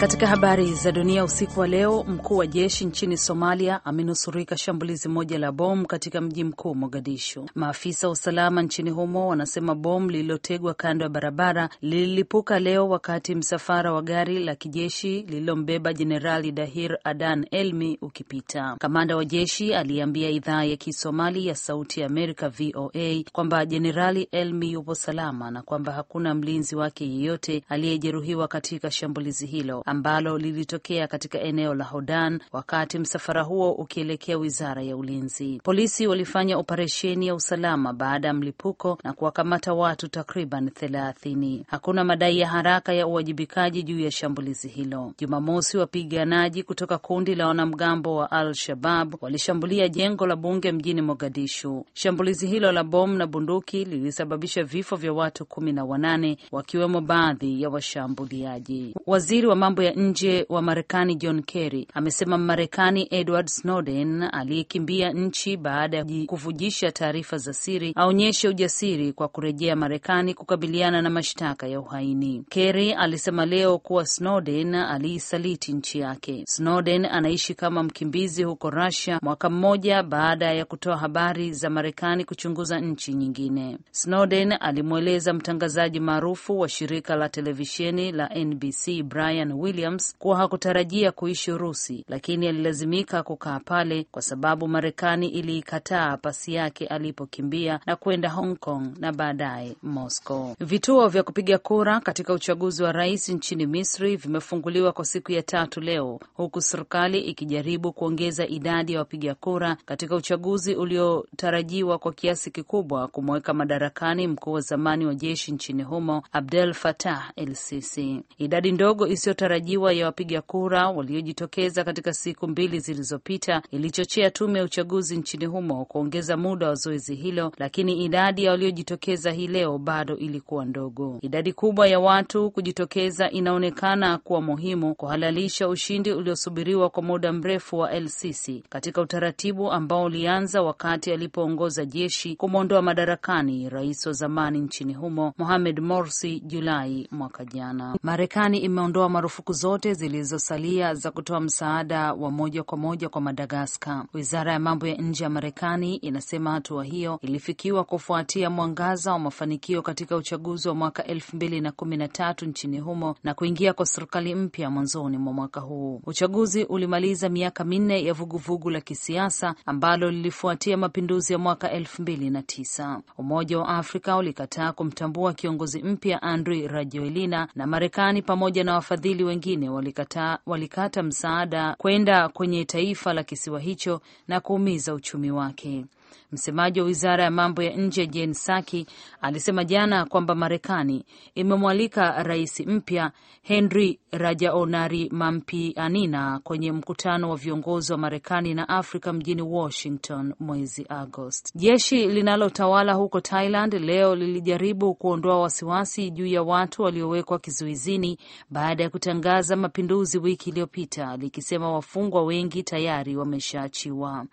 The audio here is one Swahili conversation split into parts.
Katika habari za dunia usiku wa leo, mkuu wa jeshi nchini Somalia amenusurika shambulizi moja la bomu katika mji mkuu Mogadishu. Maafisa wa usalama nchini humo wanasema bomu lililotegwa kando ya barabara lililipuka leo wakati msafara wa gari la kijeshi lililombeba Jenerali Dahir Adan Elmi ukipita. Kamanda wa jeshi aliambia idhaa ya Kisomali ya Sauti ya Amerika VOA kwamba Jenerali Elmi yupo salama na kwamba hakuna mlinzi wake yeyote aliyejeruhiwa katika shambulizi hilo ambalo lilitokea katika eneo la Hodan wakati msafara huo ukielekea wizara ya ulinzi. Polisi walifanya operesheni ya usalama baada ya mlipuko na kuwakamata watu takriban thelathini. Hakuna madai ya haraka ya uwajibikaji juu ya shambulizi hilo. Jumamosi, wapiganaji kutoka kundi la wanamgambo wa Al Shabab walishambulia jengo la bunge mjini Mogadishu. Shambulizi hilo la bomu na bunduki lilisababisha vifo vya watu kumi na wanane wakiwemo baadhi ya washambuliaji. Waziri wa mambo mambo ya nje wa Marekani John Kerry amesema marekani Edward Snowden aliyekimbia nchi baada ya kuvujisha taarifa za siri aonyeshe ujasiri kwa kurejea Marekani kukabiliana na mashtaka ya uhaini. Kerry alisema leo kuwa Snowden aliisaliti nchi yake. Snowden anaishi kama mkimbizi huko Russia mwaka mmoja baada ya kutoa habari za Marekani kuchunguza nchi nyingine. Snowden alimweleza mtangazaji maarufu wa shirika la televisheni la NBC Brian Williams kuwa hakutarajia kuishi Urusi, lakini alilazimika kukaa pale kwa sababu Marekani iliikataa pasi yake alipokimbia na kwenda Hong Kong na baadaye Moscow. Vituo vya kupiga kura katika uchaguzi wa rais nchini Misri vimefunguliwa kwa siku ya tatu leo, huku serikali ikijaribu kuongeza idadi ya wapiga kura katika uchaguzi uliotarajiwa kwa kiasi kikubwa kumweka madarakani mkuu wa zamani wa jeshi nchini humo Abdel Fattah el Sisi. Idadi ndogo isiyotarajia tarajiwa ya wapiga kura waliojitokeza katika siku mbili zilizopita ilichochea tume ya uchaguzi nchini humo kuongeza muda wa zoezi hilo, lakini idadi ya waliojitokeza hii leo bado ilikuwa ndogo. Idadi kubwa ya watu kujitokeza inaonekana kuwa muhimu kuhalalisha ushindi uliosubiriwa kwa muda mrefu wa El-Sisi katika utaratibu ambao ulianza wakati alipoongoza jeshi kumwondoa madarakani rais wa zamani nchini humo Mohamed Morsi Julai mwaka jana. Marekani imeondoa marufuku siku zote zilizosalia za kutoa msaada wa moja kwa moja kwa Madagaskar. Wizara ya mambo ya nje ya Marekani inasema hatua hiyo ilifikiwa kufuatia mwangaza wa mafanikio katika uchaguzi wa mwaka elfu mbili na kumi na tatu nchini humo na kuingia kwa serikali mpya mwanzoni mwa mwaka huu. Uchaguzi ulimaliza miaka minne ya vuguvugu vugu la kisiasa ambalo lilifuatia mapinduzi ya mwaka elfu mbili na tisa. Umoja wa Afrika ulikataa kumtambua kiongozi mpya Andry Rajoelina na Marekani pamoja na wafadhili wengine walikata, walikata msaada kwenda kwenye taifa la kisiwa hicho na kuumiza uchumi wake. Msemaji wa wizara ya mambo ya nje Jen saki alisema jana kwamba Marekani imemwalika rais mpya Henry rajaonari mampianina kwenye mkutano wa viongozi wa Marekani na Afrika mjini Washington mwezi Agosti. Jeshi linalotawala huko Thailand leo lilijaribu kuondoa wasiwasi juu ya watu waliowekwa kizuizini baada ya kutangaza mapinduzi wiki iliyopita, likisema wafungwa wengi tayari wameshaachiwa.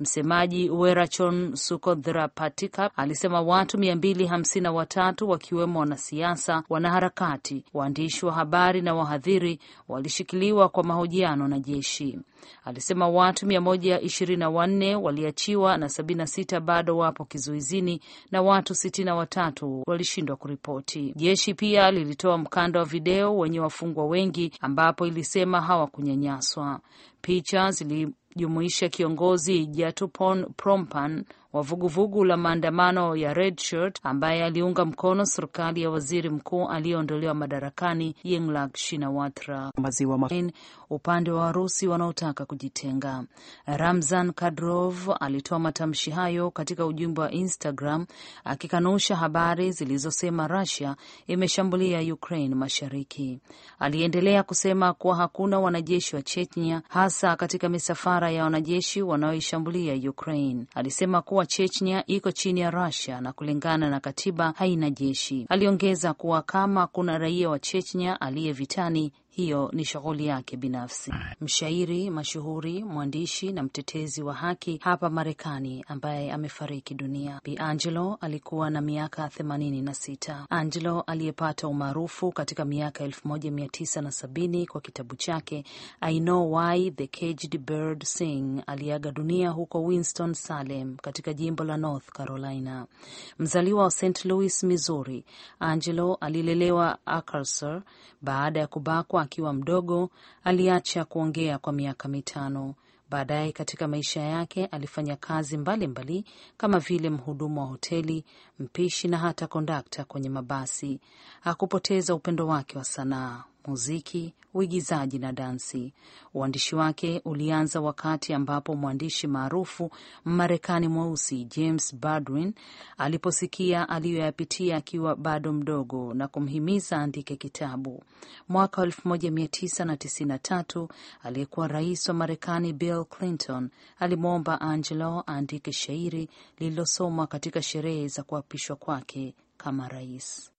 Msemaji Wera Chon Sukodhrapatika alisema watu mia mbili hamsini na watatu wakiwemo wanasiasa, wanaharakati, waandishi wa habari na wahadhiri walishikiliwa kwa mahojiano na jeshi. Alisema watu mia moja ishirini na wanne waliachiwa na sabini na sita bado wapo kizuizini na watu sitini na watatu walishindwa kuripoti. Jeshi pia lilitoa mkanda wa video wenye wafungwa wengi ambapo ilisema hawakunyanyaswa. Picha zili jumuisha kiongozi jatupon Prompan wa vuguvugu la maandamano ya Red Shirt ambaye aliunga mkono serikali ya waziri mkuu aliyeondolewa madarakani Yingluck Shinawatra maziwa upande wa Warusi wanaotaka kujitenga. Ramzan kadrov alitoa matamshi hayo katika ujumbe wa Instagram akikanusha habari zilizosema Russia imeshambulia Ukraine mashariki. Aliendelea kusema kuwa hakuna wanajeshi wa Chechnya hasa katika misafara ya wanajeshi wanaoishambulia Ukraine. Alisema kuwa Chechnya iko chini ya Russia na kulingana na katiba haina jeshi. Aliongeza kuwa kama kuna raia wa Chechnya aliye vitani hiyo ni shughuli yake binafsi. Mshairi mashuhuri, mwandishi na mtetezi wa haki hapa Marekani ambaye amefariki dunia, Bi Angelo alikuwa na miaka 86. Angelo aliyepata umaarufu katika miaka 1970 kwa kitabu chake I Know Why the Caged Bird Sing aliaga dunia huko Winston-Salem katika jimbo la North Carolina. Mzaliwa wa St. Louis, Missouri, Angelo alilelewa Arkansas baada ya kubakwa akiwa mdogo, aliacha kuongea kwa miaka mitano. Baadaye katika maisha yake alifanya kazi mbalimbali mbali, kama vile mhudumu wa hoteli, mpishi na hata kondakta kwenye mabasi. Hakupoteza upendo wake wa sanaa muziki, uigizaji na dansi. Uandishi wake ulianza wakati ambapo mwandishi maarufu Mmarekani mweusi James Baldwin aliposikia aliyoyapitia akiwa bado mdogo na kumhimiza aandike kitabu. Mwaka 1993 aliyekuwa rais wa Marekani Bill Clinton alimwomba Angelo aandike shairi lililosomwa katika sherehe za kuapishwa kwake kama rais.